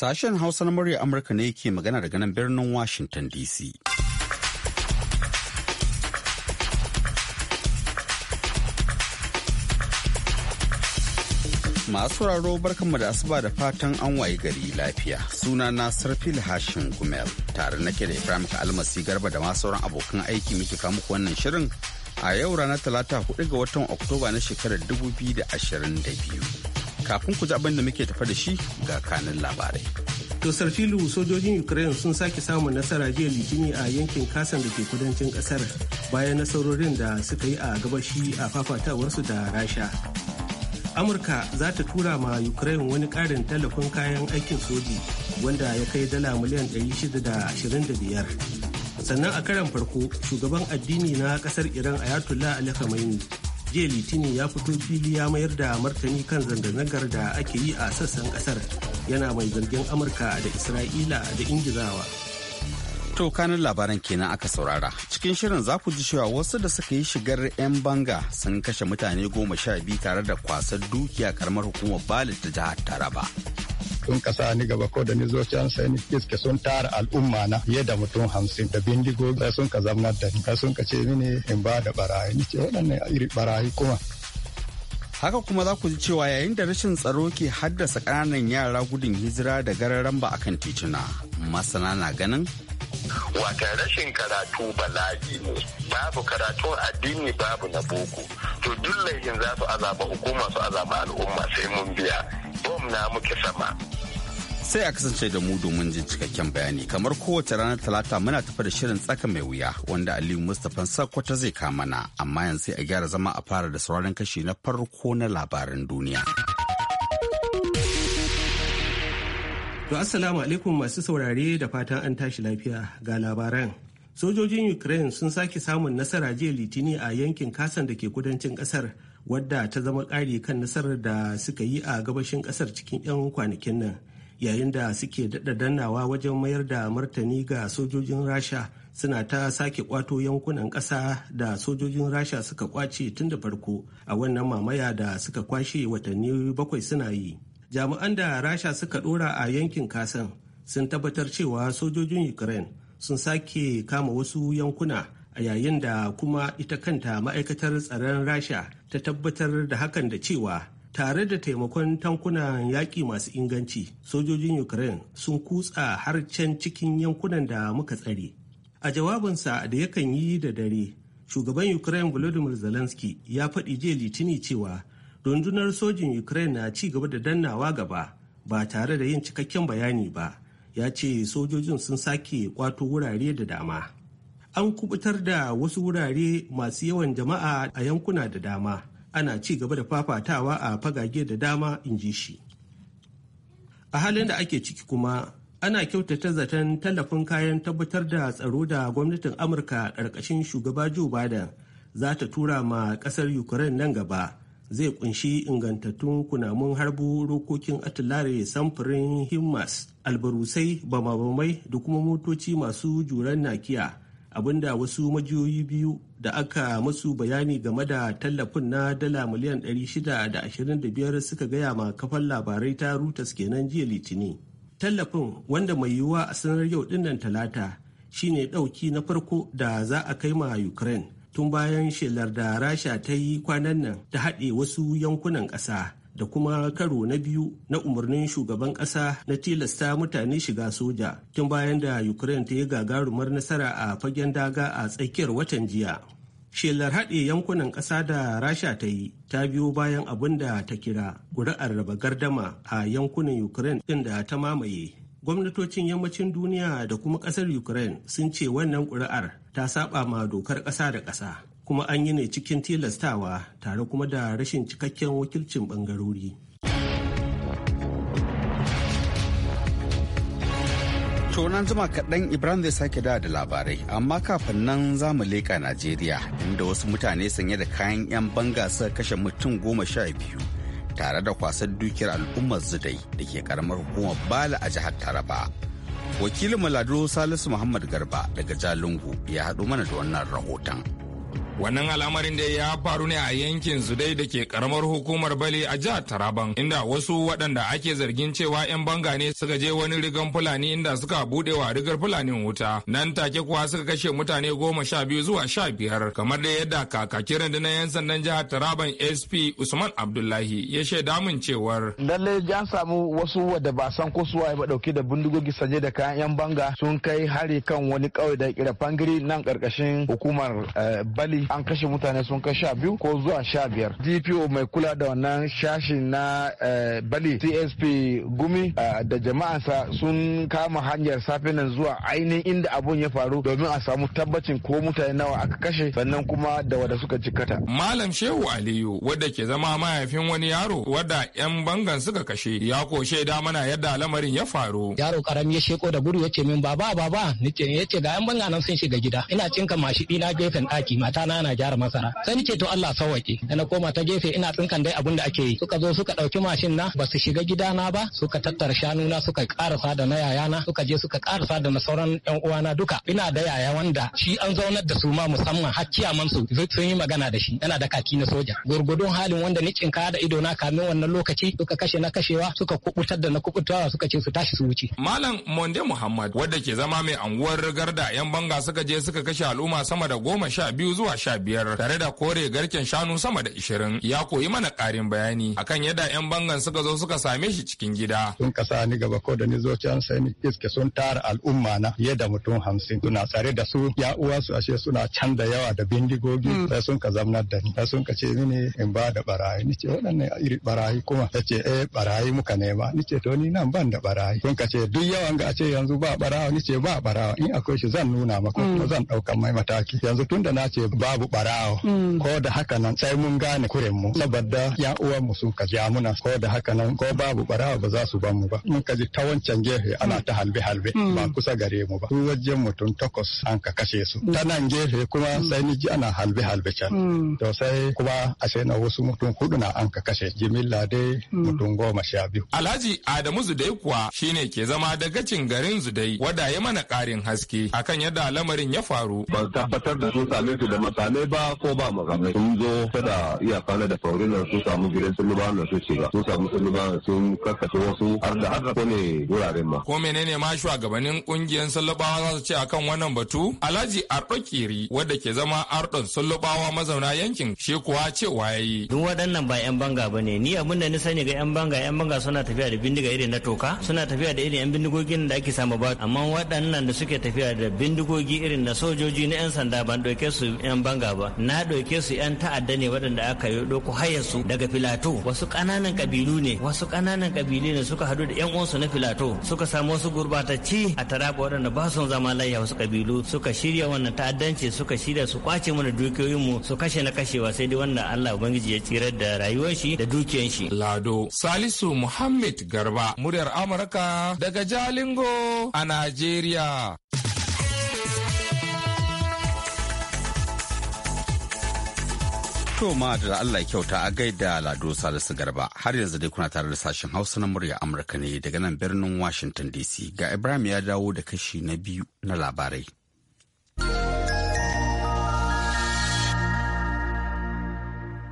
Sashen Hausa na murya Amurka ne ke magana daga nan birnin Washington DC. Masu raro barkanmu da asuba da fatan an waye gari lafiya. Suna na Sarfil Hashin Gumel tare nake da Ibrahim Almasi Garba da masu sauran abokan aiki muke ku wannan shirin a yau ranar talata 4 ga watan Oktoba na shekarar 2022. kafin ku zaɓen da muke tafa da shi ga kanin labarai. To Sarfilu sojojin Ukraine sun sake samun nasara jiya litini a yankin kasan da ke kudancin kasar bayan nasarorin da suka yi a gabashi a fafatawarsu da Rasha. Amurka za ta tura ma Ukraine wani ƙarin tallafin kayan aikin soji wanda ya kai dala miliyan 625. Sannan a karan farko shugaban addini na kasar Iran Ayatollah Ali Khamenei jiya litinin ya fito fili ya mayar da martani kan zanga-zangar da ake yi a sassan kasar yana mai zargin amurka da isra'ila da ingizawa to kanin labaran kenan aka saurara cikin shirin za ku ji cewa wasu da suka yi shigar 'yan banga sun kashe mutane goma sha biyu tare da kwasar dukiya karamar hukumar balit ta jihar taraba sun kasa ni gaba ko da ni zo can sai ni iske sun tara al'umma na fiye da mutum hamsin da sai sun ka zamnar da ni sun ka ce mini in ba da barayi ni ce waɗanne iri barayi kuma haka kuma za ku ji cewa yayin da rashin tsaro ke haddasa ƙananan yara gudun hijira da gararan ba akan tituna masana na ganin wata rashin karatu bala'i ne babu karatun addini babu na boko to duk laifin za su azaba hukuma su azaba al'umma sai mun biya bom na muke sama sai a kasance da mu domin jin cikakken bayani kamar kowace ranar talata muna tafa da shirin tsaka mai wuya wanda aliyu mustapha sakwata zai kama na amma yanzu sai a gyara zama a fara da sauraron kashi na farko na labaran duniya to assalamu alaikum masu saurare da fatan an tashi lafiya ga labaran sojojin ukraine sun sake samun nasara jiya litini a yankin kasan da ke kudancin kasar wadda ta zama ƙari kan nasarar da suka yi a gabashin kasar cikin 'yan kwanakin nan yayin da suke daɗaɗanawa dannawa wajen mayar da martani ga sojojin rasha suna ta sake kwato yankunan ƙasa da sojojin rasha suka kwace tun da farko a wannan mamaya da suka kwashe watanni bakwai suna yi jami'an da rasha suka ɗora a yankin kasan sun tabbatar cewa sojojin ukraine sun sake kama wasu yankuna a yayin da kuma ita kanta ma'aikatar tsaron rasha ta tabbatar da hakan da cewa tare da taimakon tankunan yaƙi masu inganci sojojin ukraine sun kutsa har can cikin yankunan da muka tsare a jawabinsa da yakan yi da dare shugaban ukraine volodymyr zelensky ya faɗi jiya litini cewa rundunar sojin ukraine na ci gaba da dannawa gaba ba tare da yin cikakken bayani ba ya ce sojojin sun sake kwato wurare da dama an kubutar da wasu wurare masu yawan jama'a a yankuna da dama ana ci gaba da fafatawa a fagage da dama in ji shi a halin da ake ciki kuma ana kyautata zaton tallafin kayan tabbatar da tsaro da gwamnatin amurka ƙarƙashin shugaba joe biden za ta tura ma ƙasar ukraine nan gaba zai kunshi ingantattun kunamun harbu rokokin atilare samfurin himmas albarusai bamabamai da kuma motoci masu juran nakiya abinda wasu majiyoyi biyu da aka masu bayani game da tallafin na dala miliyan 625 suka gaya ma kafan labarai ta Reuters kenan jiya litinin Tallafin wanda mai yiwuwa a sanar yau dinnan talata shine ɗauki na farko da za a kai ma Ukraine tun bayan shelar da Rasha ta yi kwanan nan ta haɗe wasu yankunan ƙasa da kuma karo na biyu na umarnin shugaban ƙasa na tilasta mutane shiga soja tun bayan da ukraine ta yi gagarumar nasara a fagen daga a tsakiyar watan jiya shelar haɗe yankunan ƙasa da rasha ta yi ta biyo bayan abin da ta kira ƙuri'ar raba gardama a yankunan ukraine ɗin da ta mamaye gwamnatocin yammacin duniya da kuma ƙasar ukraine sun ce wannan ƙuri'ar ta saba ma dokar ƙasa da ƙasa kuma an yi ne cikin tilastawa tare kuma da rashin cikakken wakilcin bangarori. nan zuma kaɗan Ibrahim zai sake da da labarai, amma kafin nan za mu leƙa Najeriya inda wasu mutane sanye da kayan 'yan banga suka kashe mutum goma sha biyu tare da kwasan dukiyar al'ummar zudai da ke karamar hukumar Bala a jihar Taraba. Wakilin Maladu Salisu Muhammad Garba daga Jalingo ya haɗo mana da wannan rahoton. Wannan al'amarin da ya faru ne a yankin Zudai da ke karamar hukumar Bali a jihar Taraban inda wasu waɗanda ake zargin cewa 'yan banga ne suka je wani rigan Fulani inda suka buɗe wa rigar Fulanin wuta. Nan take kuwa suka kashe mutane goma sha biyu zuwa sha biyar kamar da yadda kakakin rundunar 'yan sandan jihar Taraban SP Usman Abdullahi ya shaida min cewar. Lalle an samu wasu wadda ba san ko suwaye ba dauke da bindigogi sanye da kayan 'yan banga sun kai hari kan wani kawai da kira Fangiri nan karkashin hukumar eh, Bali an kashe mutane sun kai sha biyu ko zuwa sha biyar dpo mai kula da wannan shashi na eh, bali csp gumi eh, da jama'ansa sun kama hanyar safe nan zuwa ainihin inda abun ya faru domin a samu tabbacin ko mutane nawa aka kashe sannan kuma da wada suka jikata malam shehu aliyu wadda ke zama mahaifin wani yaro wadda yan bangan suka kashe ya ko shaida mana yadda lamarin ya faru yaro karami ya sheko da gudu ya ce min baba baba nake ya ce ga yan bangan nan sun shiga gida ina cinka mashi dina gefen daki mata na ana gyara masara sai nake to Allah sawwake na koma ta gefe ina tsinkan dai abin da ake yi suka zo suka ɗauki mashin na ba su shiga gidana ba suka tattara shanu na suka karasa da na yayana suka je suka karasa da na sauran yan uwana duka ina da yaya wanda shi an zaunar da su ma musamman har kiyaman su sun yi magana da shi yana da kaki na soja gurgudun halin wanda ni kinka da ido na kamin wannan lokaci suka kashe na kashewa suka kubutar da na kubutawa suka ce su tashi su wuce malam monde muhammad wadda ke zama mai anguwar garda yan banga suka je suka kashe al'umma sama da goma sha biyu zuwa sha biyar tare da kore garken shanu sama da ishirin ya koyi mana ƙarin bayani akan yadda 'yan bangan suka zo suka same shi cikin gida. Sun kasa ni gaba ko da ni zo can sai ni iske sun tara al'umma na fiye da mutum hamsin suna tsare da su ya uwa su ashe suna can da yawa da bindigogi hmm. sai sun ka zamnar da ni sai sun ka ce mini in ba da barayi ni ce waɗanne iri barayi kuma ta ce eh barayi muka nema ni ce to ni nan ban da barayi sun ka ce duk yawan ga a ce yanzu ba barawa ni ce ba barawa in akwai shi zan nuna maka hmm. ko zan ɗaukan mai mataki yanzu tun da na ce ba babu barawo mm. ko da haka nan sai mun gane kuren mu saboda ya uwan mu sun ka amuna ko da haka nan ko babu barawo ba za su ban mu ba mun kaji ji ta wancan gefe ana mm. ta halbe halbe mm. ba kusa gare mu ba su wajen mutum takwas an ka kashe su ta nan gefe kuma sai ni ji ana halbe halbe can to sai kuma a sai na wasu mutum hudu na an ka kashe jimilla dai mutum goma sha biyu alhaji adamu zudai kuwa shine ke zama gacin garin zudai wada ya mana karin haske akan yadda lamarin ya faru ba tabbatar da su da makamai ba ko ba makamai sun zo kada iyaka na da faurin nan sun samu gidan sun ba nan sun shiga sun samu sun ba sun karkace wasu har da har ne wuraren ma. ko menene ma shugabannin kungiyan sullubawa za su ce akan wannan batu alhaji ardo kiri wadda ke zama ardon sullubawa mazauna yankin shi kuwa cewa ya yi. duk waɗannan ba 'yan banga ba ne ni abin da ni sani ga 'yan banga 'yan banga suna tafiya da bindiga irin na toka suna tafiya da irin 'yan bindigogin da ake samu ba amma waɗannan da suke tafiya da bindigogi irin na sojoji na 'yan sanda ban ɗauke su 'yan banga ba na ɗauke su 'yan ta'adda ne waɗanda aka yi ɗauko hayar su daga filato wasu ƙananan ƙabilu ne wasu ƙananan ƙabilu ne suka hadu da 'yan uwansu na filato suka samu wasu gurbatacci a taraba waɗanda ba su zama layya wasu ƙabilu suka shirya wannan ta'addanci suka shirya su kwace mana dukiyoyinmu su kashe na kashewa sai dai wanda Allah Ubangiji ya tsirar da rayuwar shi da dukiyar shi. Lado Salisu Muhammad Garba muryar Amurka daga Jalingo a Najeriya. To ma da Allah kyauta a gaida Lado Salisu Garba har yanzu dai kuna tare da sashen Hausa na murya Amurka ne daga nan birnin Washington DC ga Ibrahim ya dawo da kashi na biyu na labarai.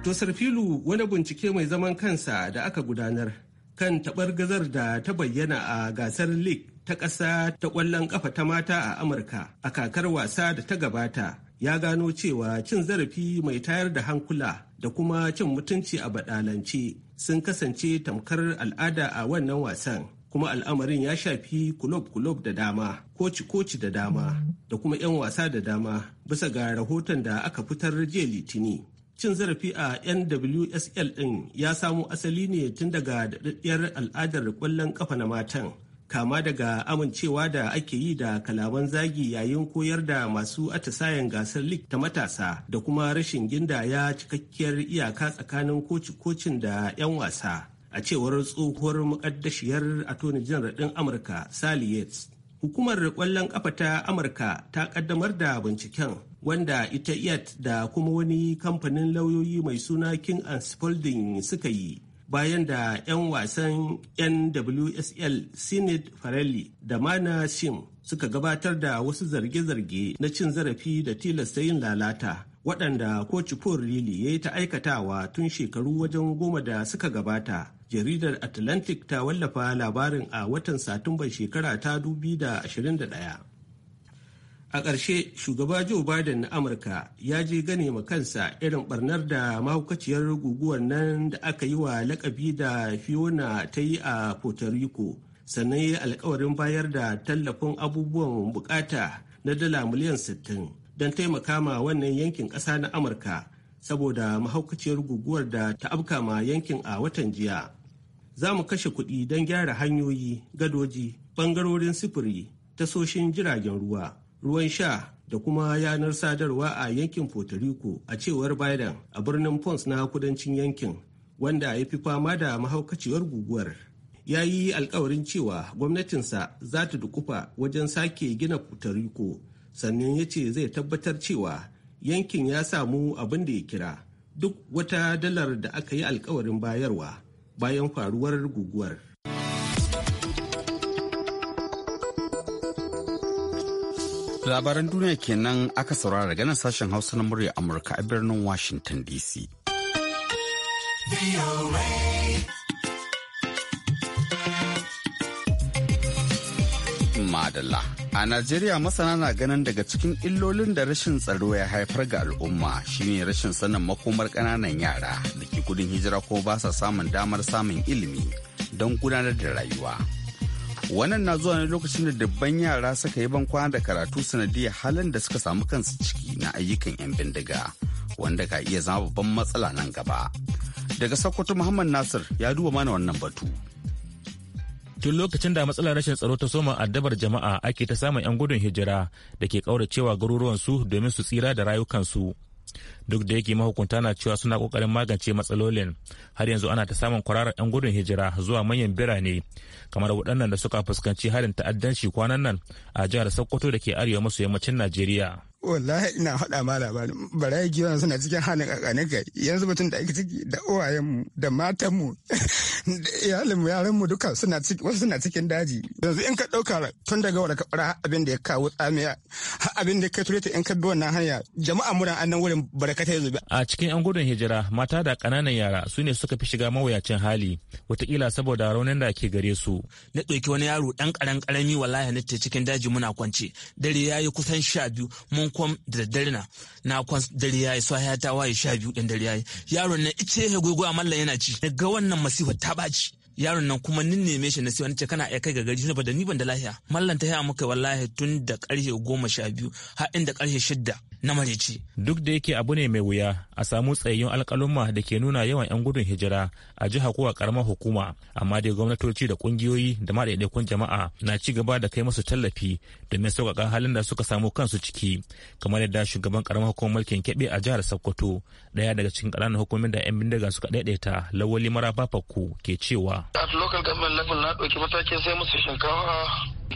To filu wani bincike mai zaman kansa da aka gudanar kan tabar gazar da ta bayyana a gasar league ta ƙasa ta ƙwallon ƙafa ta mata a Amurka a kakar wasa da ta gabata. ya gano cewa cin zarafi mai tayar da hankula da kuma cin mutunci a baɗalance sun kasance tamkar al'ada a wannan wasan kuma al'amarin ya shafi kulob-kulob da dama koci-koci da dama da kuma 'yan wasa da dama bisa ga rahoton da aka fitar jiya litini cin zarafi a nwsl ɗin ya samo asali ne tun daga daɗaɗɗiyar al'adar ƙwallon ƙafa na matan kama daga amincewa da ake yi da kalaman zagi yayin koyar da masu atisayen gasar lig ta matasa da kuma rashin gindaya cikakkiyar iyaka tsakanin koci-kocin da 'yan wasa a cewar tsohuwar mukaddashiyar attorney jin din amurka sally yates hukumar kwallon kafa ta amurka ta kaddamar da binciken wanda ita iyat da kuma wani kamfanin lauyoyi mai suna king and spalding suka yi bayan da 'yan wasan nwsl sinid farelli da mana shim suka gabatar da wasu zarge-zarge na cin zarafi da tilasta yin lalata waɗanda ko paul Rili ya yi ta aikatawa tun shekaru wajen goma da suka gabata jaridar atlantic ta wallafa labarin a watan satumban shekara ta 2021 A ƙarshe shugaba Joe Biden na Amurka ya je gane ma kansa irin barnar da mahaukaciyar guguwar nan da aka yi wa lakabi da Fiona ta yi a Puerto Rico sannan ya alkawarin bayar da tallafin abubuwan bukata na dala miliyan 60 don taimaka ma wannan yankin ƙasa na Amurka saboda mahaukaciyar guguwar da ta afka ma yankin a watan jiya. Za mu kashe kuɗi don gyara hanyoyi, gadoji, ɓangarorin sifiri, tasoshin jiragen ruwa. ruwan sha da kuma yanar sadarwa a yankin puerto rico a cewar biden a birnin pons na kudancin yankin wanda ya fi fama da mahaukaciyar guguwar ya yi alkawarin cewa gwamnatinsa za ta dukufa wajen sake gina puerto rico sannan ya ce zai tabbatar cewa yankin ya samu abin da ya kira duk wata dalar da aka yi alkawarin bayarwa bayan faruwar guguwar Labaran duniya kenan aka saurara daga nan sashen Hausa na murya Amurka a birnin Washington DC. Madalla. A Najeriya masana na ganin daga cikin illolin da rashin tsaro ya haifar ga al'umma shine rashin sanin makomar kananan yara da ke gudun hijira ko ba sa samun damar samun ilimi don gudanar da rayuwa. Wannan na zuwa ne lokacin da dubban yara suka yi bankwana da karatu sanadiyar halin da suka samu kansu ciki na ayyukan 'yan bindiga, wanda ka iya zama babban matsala nan gaba. Daga Sokoto Muhammad Nasir ya duba mana wannan batu. tun lokacin da matsalar rashin tsaro ta soma addabar jama'a ake ta samun 'yan gudun hijira da ke ƙauracewa garuruwansu domin su tsira da rayukansu duk da yake mahukunta na cewa suna kokarin magance matsalolin har yanzu ana ta samun kwararar 'yan gudun hijira zuwa manyan birane kamar waɗannan da suka fuskanci harin ta'addanci kwanan nan a jihar sokoto da ke arewa maso yammacin najeriya wallahi ina faɗa ma labarin barayi giwa suna cikin halin kakanika yanzu mutum da ake ciki da uwayenmu da matanmu da iyalinmu yaranmu duka suna ciki wasu suna cikin daji yanzu in ka ɗauka tun daga wadda kaɓara abin da ya kawo tsamiya abin da ka ta in ka bi wannan hanya jama'a mu an wurin barakata ya zubi. a cikin yan gudun hijira mata da kananan yara su ne suka fi shiga mawuyacin hali wataƙila saboda raunin da ke gare su. na ɗauki wani yaro ɗan ƙaran ƙarami wallahi na cikin daji muna kwance dare ya yi kusan sha biyu mun kwam da daddare na na kwan dare yi so ya ta waye sha biyu dan dare ya yi? yaron nan ice ya gogo a mallan yana ci daga wannan masifa ta baci yaron nan kuma nin neme shi na sai wani ce kana iya kai ga gari ba da ni ban da lahiya mallan ta haya muka wallahi tun da karfe goma sha biyu har inda karfe shidda na marici. Duk da yake abu ne mai wuya a samu tsayayyun alkalumma da ke nuna yawan 'yan gudun hijira a jiha ko a karamar hukuma amma dai gwamnatoci da kungiyoyi da maɗaiɗaikun jama'a na ci gaba da kai musu tallafi domin sauƙaƙa halin da suka samu kansu ciki kamar yadda shugaban karamar hukumar mulkin keɓe a jihar Sokoto ɗaya daga cikin ƙananan hukumomin da 'yan bindiga suka ɗaiɗaita lawali mara bafakku ke cewa. at local government level na ɗauki matakin sai musu shinkafa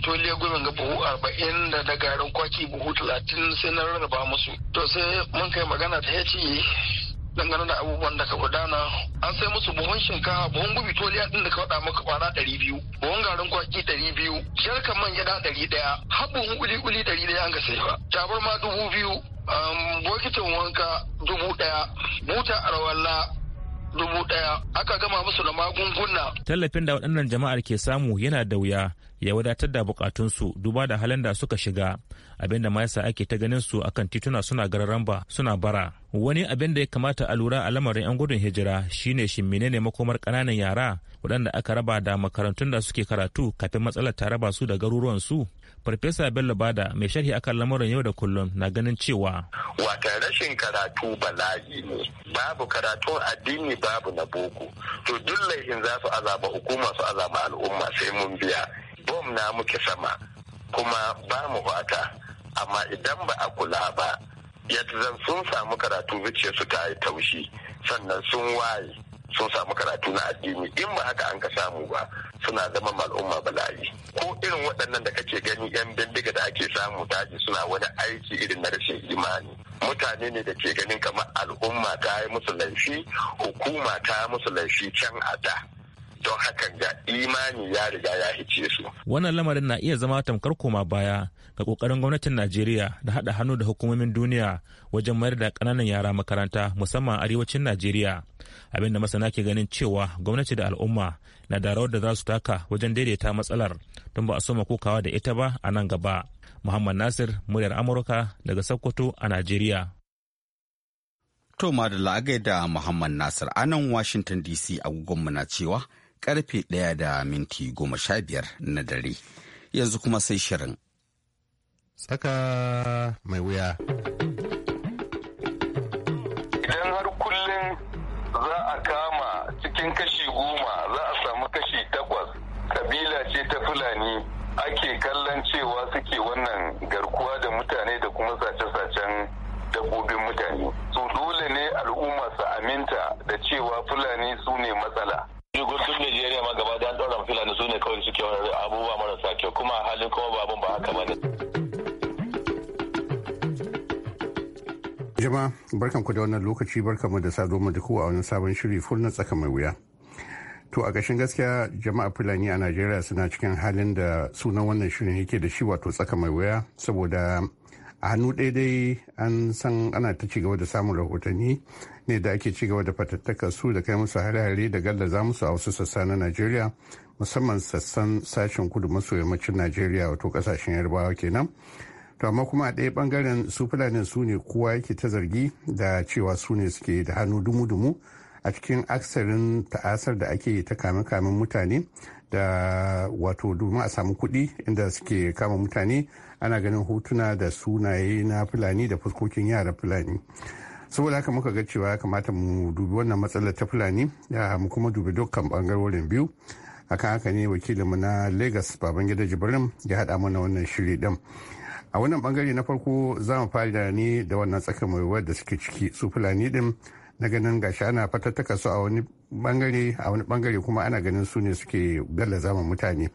toliya gumin ga buhu arba'in da da garin kwaki buhu talatin sai na rarraba musu to sai mun kai magana ta ya e, dangane da abubuwan da ka gudana an sai musu buhun shinkafa buhun gubi toliya din da ka faɗa maka kwana ɗari biyu buhun garin kwaki ɗari biyu jarkan man gida ɗari ɗaya har buhun ƙuli-ƙuli ɗari ɗaya an ga sai ba tabarma dubu biyu bokitin wanka dubu ɗaya buta arwalla dubu ɗaya aka gama musu da magunguna. Tallafin da waɗannan jama'ar ke samu yana da wuya ya wadatar da bukatunsu duba da halin da suka shiga abinda ma yasa ake ta ganin su akan tituna suna gararamba suna bara wani abin da ya kamata a lura a lamarin yan gudun hijira shine shin menene makomar kananan yara waɗanda aka raba da makarantun da suke karatu kafin matsalar ta raba su da garuruwan su Farfesa Bello Bada mai sharhi akan lamarin yau da kullum na ganin cewa. Wata rashin karatu bala'i ne, babu karatun addini babu na boko. To duk laifin za su azaba hukuma su azaba al'umma sai mun biya. Bom na muke sama kuma ba mu fata, amma idan ba a kula ba, yadda sun samu karatu zuciya su ta yi taushi sannan sun waye. sun samu karatu na addini in ba haka an ka samu ba suna zama al'umma bala'i ko irin waɗannan da kake gani yan bindiga da ake samu daji suna wani aiki irin na rashin imani mutane ne da ke ganin kamar al'umma ta yi musu laifi hukuma ta yi musu laifi can a da don hakan ga imani ya riga ya hice su wannan lamarin na iya zama tamkar koma baya ga kokarin gwamnatin najeriya da haɗa hannu da hukumomin duniya wajen mayar da ƙananan yara makaranta musamman arewacin najeriya abinda masana ke ganin cewa gwamnati da al'umma na da rawar da za su taka wajen daidaita matsalar don ba a so kokawa da ita ba a nan gaba muhammad nasir muryar amurka daga sokoto a najeriya to madalla a da muhammad nasir a nan washington dc agogonmu na cewa karfe ɗaya da minti goma sha biyar na dare yanzu kuma sai shirin tsaka mai wuya. Idan har kullum za a kama cikin kashi goma za a samu kashi takwas kabila ce ta Fulani ake kallon cewa suke wannan garkuwa da mutane da kuma sace-sacen dabbobin mutane. Su dole ne al'umma su aminta da cewa Fulani su ne matsala. Jigurtun Najeriya ma gaba da ɗora Fulani su ne kawai suke wani abubuwa marasa kyau kuma halin kuma babun ba haka ba ne. jama barkan ku da wannan lokaci mu da sado mu da a wani sabon shiri furna tsaka mai wuya. To a kashin gaskiya jama'a Fulani a Najeriya suna cikin halin da sunan wannan shirin yake da shi wato tsaka mai wuya saboda a hannu ɗaya dai an san ana ta cigaba da samun rahotanni ne da ake cigaba da fatattaka su da kai musu hare-hare da gallaza musu a wasu sassa na Najeriya musamman sassan sashen kudu maso yammacin Najeriya wato kasashen Yarbawa kenan. to amma kuma a ɗaya ɓangaren su fulanin su ne kowa yake ta zargi da cewa su ne suke da hannu dumu-dumu a cikin aksarin ta'asar da ake ta kame-kamen mutane da wato domin a samu kuɗi inda suke kama mutane ana ganin hotuna da sunaye na fulani da fuskokin yara fulani saboda haka muka ga cewa kamata mu dubi wannan matsalar ta fulani da mu kuma dubi dukkan bangarorin biyu akan haka ne wakilinmu na lagos babangida jibrin ya haɗa mana wannan shiri ɗin a wannan bangare na farko za mu fara ne da wannan tsaka mai da suke ciki su fulani din na ganin gashi ana fatattaka su a wani bangare a wani bangare kuma ana ganin su ne suke galla zaman mutane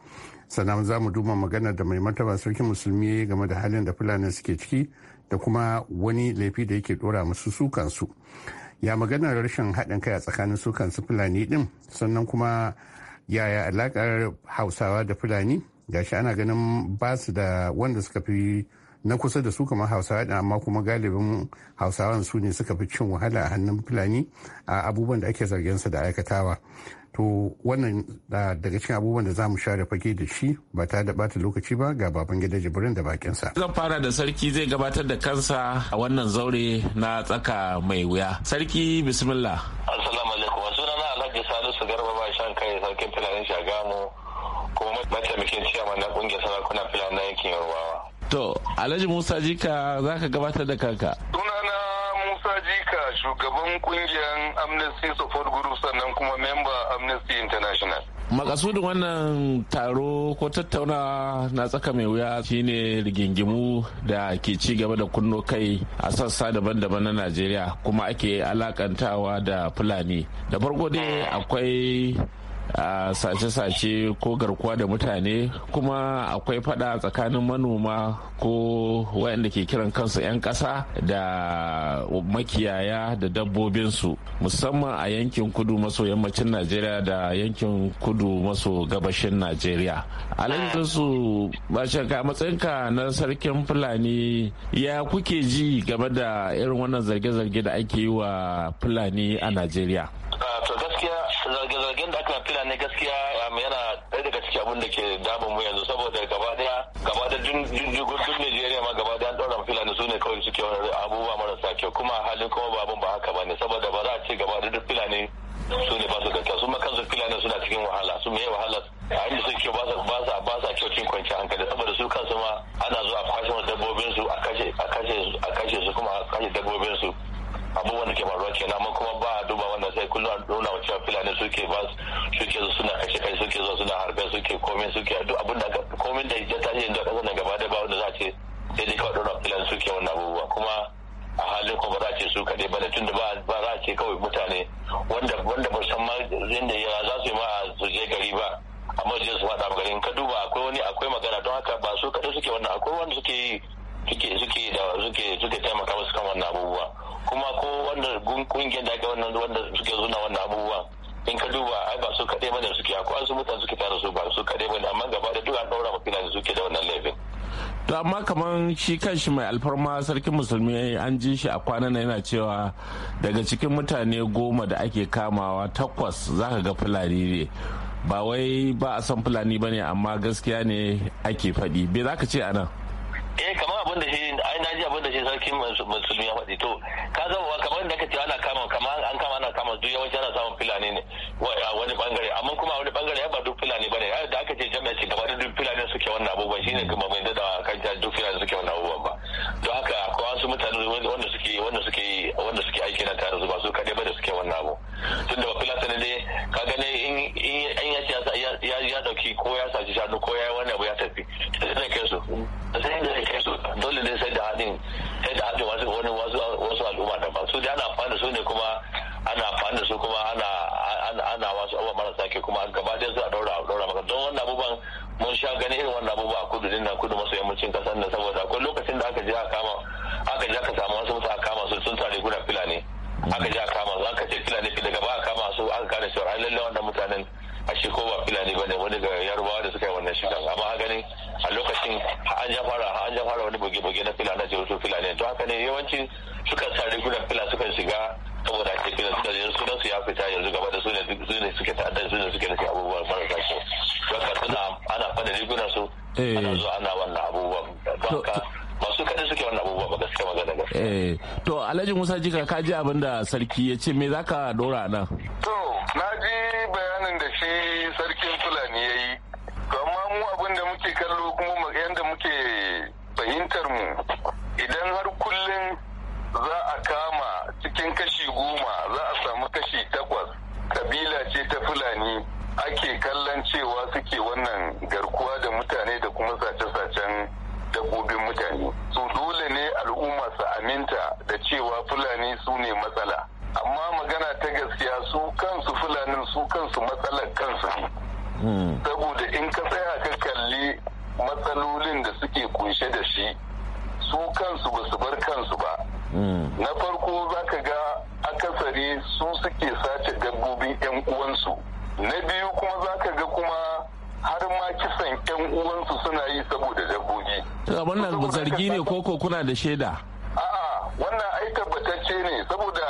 sannan za mu duma magana da mai martaba sarkin musulmi game da halin da fulani suke ciki da kuma wani laifi da yake dora musu su kansu ya maganar rashin haɗin kai a tsakanin su fulani din sannan kuma yaya alakar hausawa da fulani gashi ana ganin ba su da wanda suka fi na kusa da su kamar hausawa da amma kuma galibin hausawan su ne suka fi cin wahala a hannun fulani a abubuwan da ake zargin su da aikatawa to wannan daga cikin abubuwan da za mu share fage da shi ba ta da bata lokaci ba ga baban gida jibrin da bakin sa zan fara da sarki zai gabatar da kansa a wannan zaure na tsaka mai wuya sarki bismillah assalamu alaikum sunana alhaji salisu garba ba shan kai sarkin fulani shagamu kuma mataimakin ciyaman wannan kungiyar na yankin yarbawa. To, Alhaji Musa Jika za ka gabatar da kanka. Sunana Musa Jika shugaban kungiyar Amnesty Support Group sannan kuma memba Amnesty International. makasudin wannan taro ko tattaunawa na tsaka mai wuya shine rigingimu da ke ci gaba da kunno kai a sassa daban-daban na najeriya kuma ake alakantawa da fulani da farko dai akwai a sace-sace ko garkuwa da mutane kuma akwai fada tsakanin manoma ko waɗanda ke kiran kansu 'yan ƙasa da makiyaya da dabbobinsu musamman a yankin kudu maso yammacin najeriya da yankin kudu maso gabashin najeriya alhajisu bashaka matsayinka na sarkin fulani ya kuke ji game da irin wannan zarge-zarge da ake yi wa fulani a najeriya zarge-zargen da aka fila ne gaskiya um, yana ɗaya daga cikin abin da ke damun mu yanzu saboda gaba daya gaba da jirgin Najeriya ma gaba daya ɗaura fila ne su ne kawai suke wani abubuwa marasa kyau kuma halin kuma ba abin ba haka ba ne saboda ba za a ce gaba da duk fila ne su ne ba su da kyau su ma kansu fila ne suna cikin wahala su me wahala a inda su ba ba sa ba kyau cin kwanci hankali saboda su kansu ma ana zuwa kwashe dabbobin su a kashe a kashe su kuma a kashe dabbobin su abubuwan da ke faruwa kenan amma kuma ba a duba wannan sai kullum a nuna wa cewa filani suke ba suke zo suna kashe kai suke zo suna harbe suke komai suke duk abin da komai da ya tashi da kasar nan gaba da ba wanda za a ce sai dai kawai nuna filani suke wannan abubuwa kuma a halin kuma za a ce su kaɗai ba da tun da ba za a ce kawai mutane wanda wanda ba san ma yadda yara za su yi ma a su je gari ba amma su je su faɗa magana in ka duba akwai wani akwai magana don haka ba su kaɗai suke wannan akwai wanda suke yi suke suke da suke suke taimaka musu kan wannan abubuwa kuma ko wanda kungiyar da aka wannan wanda suke zuna wannan abubuwan in ka duba ai ba su kaɗai da suke ko an su mutane suke tare su ba su kaɗai ba amma gaba da duk an ɗaura ma filan suke da wannan laifin. to amma kamar shi kanshi mai alfarma sarkin musulmi an ji shi a kwanan yana cewa daga cikin mutane goma da ake kamawa takwas za ka ga fulani ne ba wai ba a san fulani ba ne amma gaskiya ne ake faɗi bai za ka ce a nan. eh kamar abin da shi ai na ji abin da shi sarki musulmi ya faɗi to ka zama wa kamar da ka ana kama kamar an kama ana kama duk yawanci ana samun filani ne wani bangare amma kuma wani bangare ya ba duk filani bane ai da aka ce jami'a ce gaba da duk filani suke wannan abubuwan shine kuma mai da kan ta duk filani suke wannan abubuwan ba don haka ko wasu mutane wanda suke wanda suke wanda suke aiki na tare su ba su kaɗai ba da suke wannan abu tun da filani ne ka gane in ya ce ya dauki ko ya saci shanu ko ya yi wani abu su ne kuma ana amfani da su kuma ana wasu abubuwa marasa ke kuma gaba ɗaya su a Commissioner ka ji abin da sarki ya ce me zaka dora nan? To, na ji bayanin da shi sarkin Fulani ya yi. To amma mu abin da muke kallo kuma yadda muke fahimtar mu idan har kullum za a kama cikin kashi goma za a samu kashi takwas kabila ce ta Fulani ake kallon cewa suke wannan garkuwa da mutane da kuma sace-sacen dabbobin mutane. so dole ne al'umma su aminta da cewa fulani su ne matsala amma magana ta gaskiya su kansu fulanin su kansu matsalar kansu ne hmm. saboda in ka tsaya ka kalli matsalolin da suke kunshe da shi su kansu ba su bar kansu ba hmm. na farko za ka ga akasari su suke sace dabbobin 'yan uwansu na biyu kuma za ka ga kuma har ma kisan yan uwansu suna yi saboda dabbobi wannan zargi ne koko kuna da shaida a'a wannan ai tabbatacce ne saboda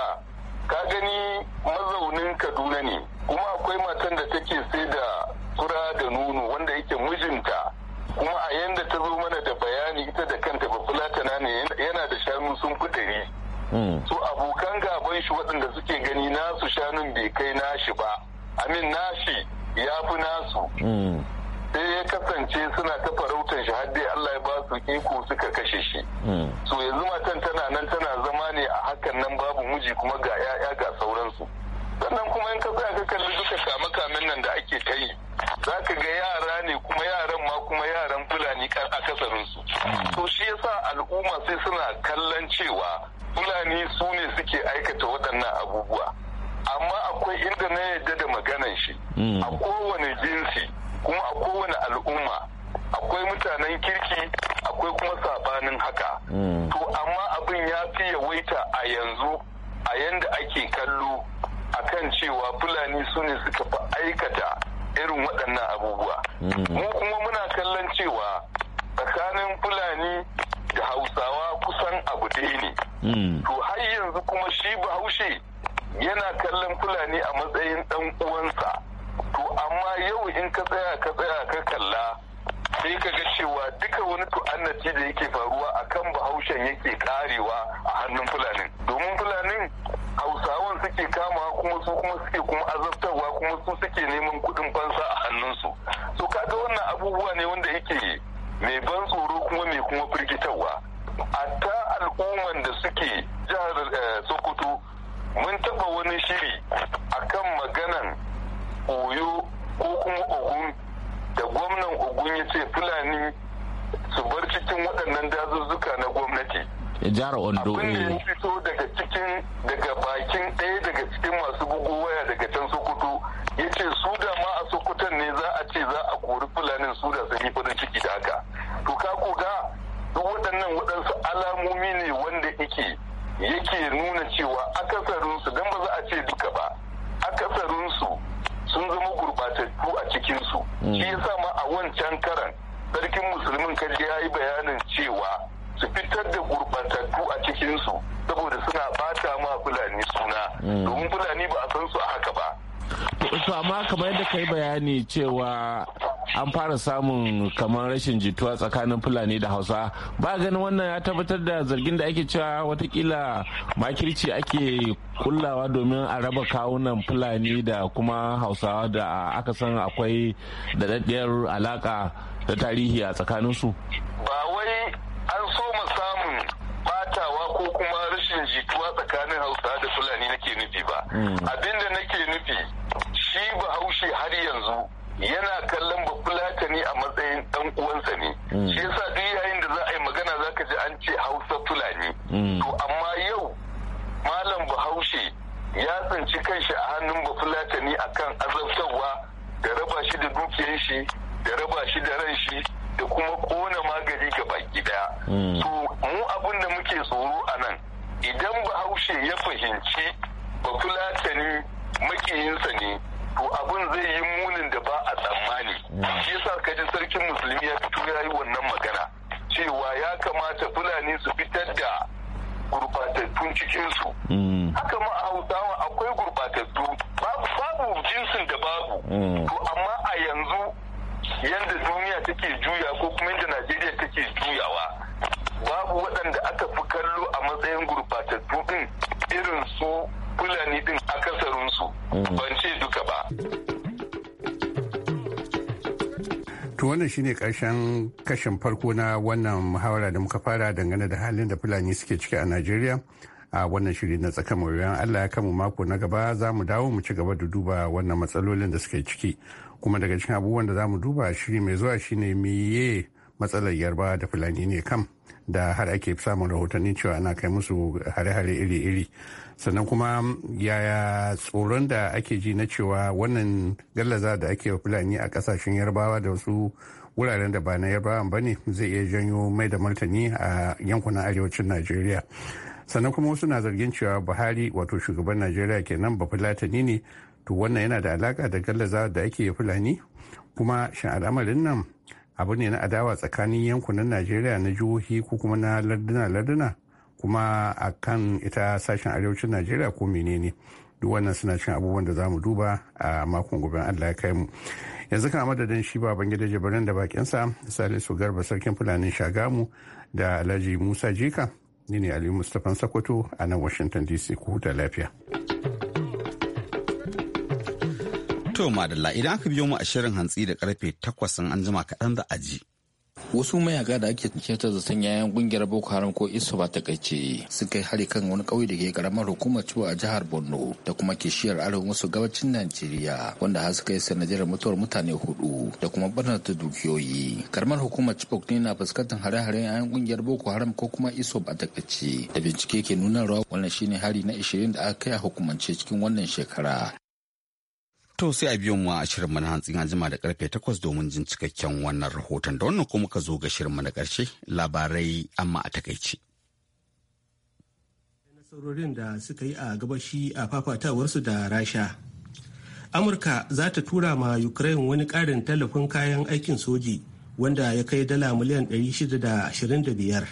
ka gani mazaunin kaduna ne kuma akwai matan da take sai da fura da nono wanda yake mijinta kuma a yanda ta zo mana da bayani ita da kanta ba fulatana ne yana da shanu sun fi hmm. so abokan gaban shi waɗanda suke gani nasu shanun bai kai nashi ba amin nashi ya fi nasu mm. sai ya kasance suna ta farautar shi har dai Allah ya ba su iko suka kashe shi mm. so yanzu matan tana nan tana zama ne a hakan nan babu miji kuma ga ya'ya ga sauransu sannan kuma in ka ka kalli duka kama kamen nan da ake ta yi za ka ga yara ne kuma yaran ma kuma yaran fulani a su mm. to shi yasa al'umma sai suna kallon cewa fulani su ne suke aikata waɗannan abubuwa amma akwai inda na yadda da maganan shi hmm. a kowane jinsi kuma a kowane al'umma akwai mutanen kirki akwai kuma sabanin haka hmm. to amma abin ya fi yawaita a yanzu a yanda ake kallo a kan cewa fulani su ne suka fi aikata irin waɗannan abubuwa hmm. mu kuma muna kallon cewa tsakanin fulani da hausawa kusan abu ɗaya ne to har yanzu kuma shi bahaushe yana kallon fulani a matsayin dan uwansa to amma yau in ka tsaya ka tsaya ka kalla sai ka ga cewa duka wani tu'annaci da yake faruwa a kan bahaushen yake karewa a hannun fulanin domin fulanin hausawan suke kama kuma su kuma suke kuma azabtarwa kuma su suke neman kudin fansa a hannunsu to kaga wannan abubuwa ne wanda yake mai ban tsoro kuma mai kuma firgitarwa a ta al'umman da suke jihar eh, sokoto mun taba wani shiri a kan maganan oyo ko kuma ogun da gwamnan ogun ya ce fulani su bar cikin waɗannan dazuzzuka na gwamnati jihar ondo abin ya eh. fito daga cikin daga bakin ɗaya daga cikin masu bugu waya daga can sokoto ya ce su da ma a sokoton ne za a ce za a kori fulanin su da sun farin ciki da haka to ka koga duk waɗannan waɗansu alamomi ne wanda ike yake nuna cewa akasarinsu don ba za a ce duka ba akasarinsu sun zama gurbatattu a cikinsu hmm. shi yasa ma a wancan karan sarkin musulmin kaji ya yi bayanin cewa su fitar da gurbatattu a cikinsu saboda suna bata ma fulani suna hmm. domin fulani ba a san su a haka ba to amma kamar yadda ka bayani cewa an fara samun kamar rashin jituwa tsakanin fulani da hausa ba ganin wannan ya tabbatar da zargin da ake cewa watakila makirci ake kullawa domin a raba kawunan fulani da kuma hausawa da aka san akwai daɗaɗɗiyar alaka da tarihi a tsakaninsu ba wai an so mu samun batawa ko kuma rashin jituwa tsakanin hausa da fulani nake nufi ba hmm. abinda ce har yanzu yana kallon bafulata ne a matsayin dan uwansa ne hmm. shi yasa duk yayin da za a yi magana ka ji an ce hausa fulani hmm. to amma yau malam bahaushe ya tsinci kanshi a hannun bafulata a kan azabtarwa da raba shi da dukiyar shi da raba shi da ran shi da kuma kona magani ga baki daya hmm. to mu abin da muke tsoro a nan idan bahaushe ya fahimci bafulatani makiyinsa ne to abin zai yi munin da ba a tsammani shi yasa kaji sarkin musulmi ya fito ya yi wannan magana cewa ya kamata fulani su fitar da gurbatattun cikinsu mm. haka ma a hausawa akwai gurbatattu babu jinsin da babu mm. to amma a yanzu yadda duniya take juya ko kuma yadda najeriya take juyawa babu waɗanda aka fi kallo a matsayin gurbatattu din irin su fulani din akasarinsu mm. ban ce duka ba To wannan shine karshen kashin farko na wannan muhawara da muka fara dangane da halin da Fulani suke ciki a Najeriya. A wannan shiri na tsakan mawuyan Allah ya kama mako na gaba za mu dawo mu ci gaba da duba wannan matsalolin da suke ciki. Kuma daga cikin abubuwan da za mu duba shiri mai zuwa shine miye matsalar yarba da Fulani ne kam da har ake samun rahotannin cewa ana kai musu hare-hare iri-iri. sannan kuma yaya tsoron da ake ji na cewa wannan gallaza da ake fulani a kasashen yarbawa da wasu wuraren da ba na yarbawa ba ne zai iya janyo mai da martani a yankunan arewacin najeriya sannan kuma wasu na zargin cewa buhari wato shugaban najeriya kenan ba fulatani ne to wannan yana da alaka da gallaza da ake fulani kuma shin al'amarin nan abu ne na adawa tsakanin yankunan najeriya na jihohi ko kuma na larduna larduna kuma a kan ita sashen arewacin najeriya ko menene duk wannan suna cin abubuwan da zamu duba a makon gobe allah ya kai mu yanzu kan madadin shi ba baban gida jibirin da bakinsa salisu garba sarkin fulanin shagamu da alhaji musa jika ni ne aliyu mustapha sakoto a nan washington dc ku huta lafiya to madalla idan aka biyo mu a shirin hantsi da karfe takwas an jima kaɗan za a ji wasu mayaka da ake kyautar sanya yayan kungiyar boko haram ko isu ba ta kaice sun kai hari kan wani kauye da ke karamar hukumar ciwo a jihar borno da kuma kishiyar arewa maso gabacin najeriya wanda har suka yi sanadiyar mutuwar mutane hudu da kuma ta dukiyoyi karamar hukumar chibok ne na fuskantar hare-haren yayan kungiyar boko haram ko kuma isu ba ta kaice da bincike ke nuna rawa wannan shine hari na 20 da aka kai a hukumance cikin wannan shekara To sai a biyo mu a shirinmu na hantsin jima da karfe takwas domin jin cikakken wannan rahoton da wannan kuma ka zo ga shirinmu na karshe labarai amma a takaice. Nasarorin da suka yi a gabashi a fafatawarsu da Rasha. Amurka za ta tura ma Ukraine wani ƙarin tallafin kayan aikin soji wanda ya kai dala miliyan 625.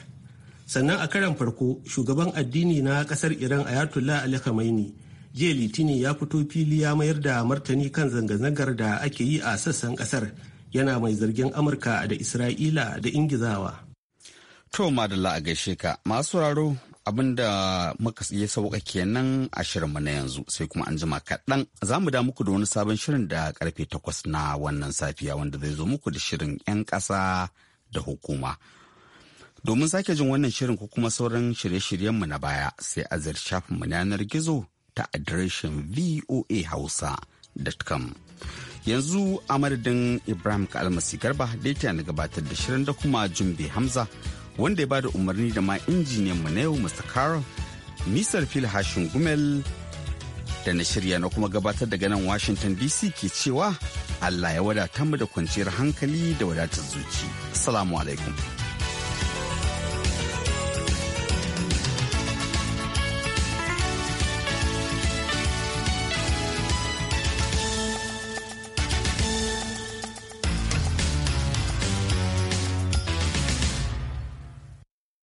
Sannan a karan farko shugaban addini na ƙasar Iran Ayatollah Ali Khamenei jiya litinin ya fito fili ya mayar da martani kan zanga-zangar da ake yi a sassan kasar yana mai zargin amurka da isra'ila da ingizawa to madalla a gaishe ka masu sauraro abinda muka ya sauka kenan a shirinmu na yanzu sai kuma an jima kaɗan za mu da muku da wani sabon shirin da karfe takwas na wannan safiya wanda zai zo muku da shirin 'yan ƙasa da hukuma domin sake jin wannan shirin ko kuma sauran shirye-shiryenmu na baya sai a ziyarci shafinmu na yanar gizo ta adireshin voahausa.com. Yanzu a madadin Ibrahim Kalmasi Garba da ya na gabatar da shirin da kuma Jumbe Hamza wanda ya bada umarni da ma injiniyan mu na yau Mr. Carol, Nisar Phil Hashin Gumel da na shirya na kuma gabatar daga nan Washington DC ke cewa Allah ya wadata mu da kwanciyar hankali da wadatar zuci. Salamu alaikum.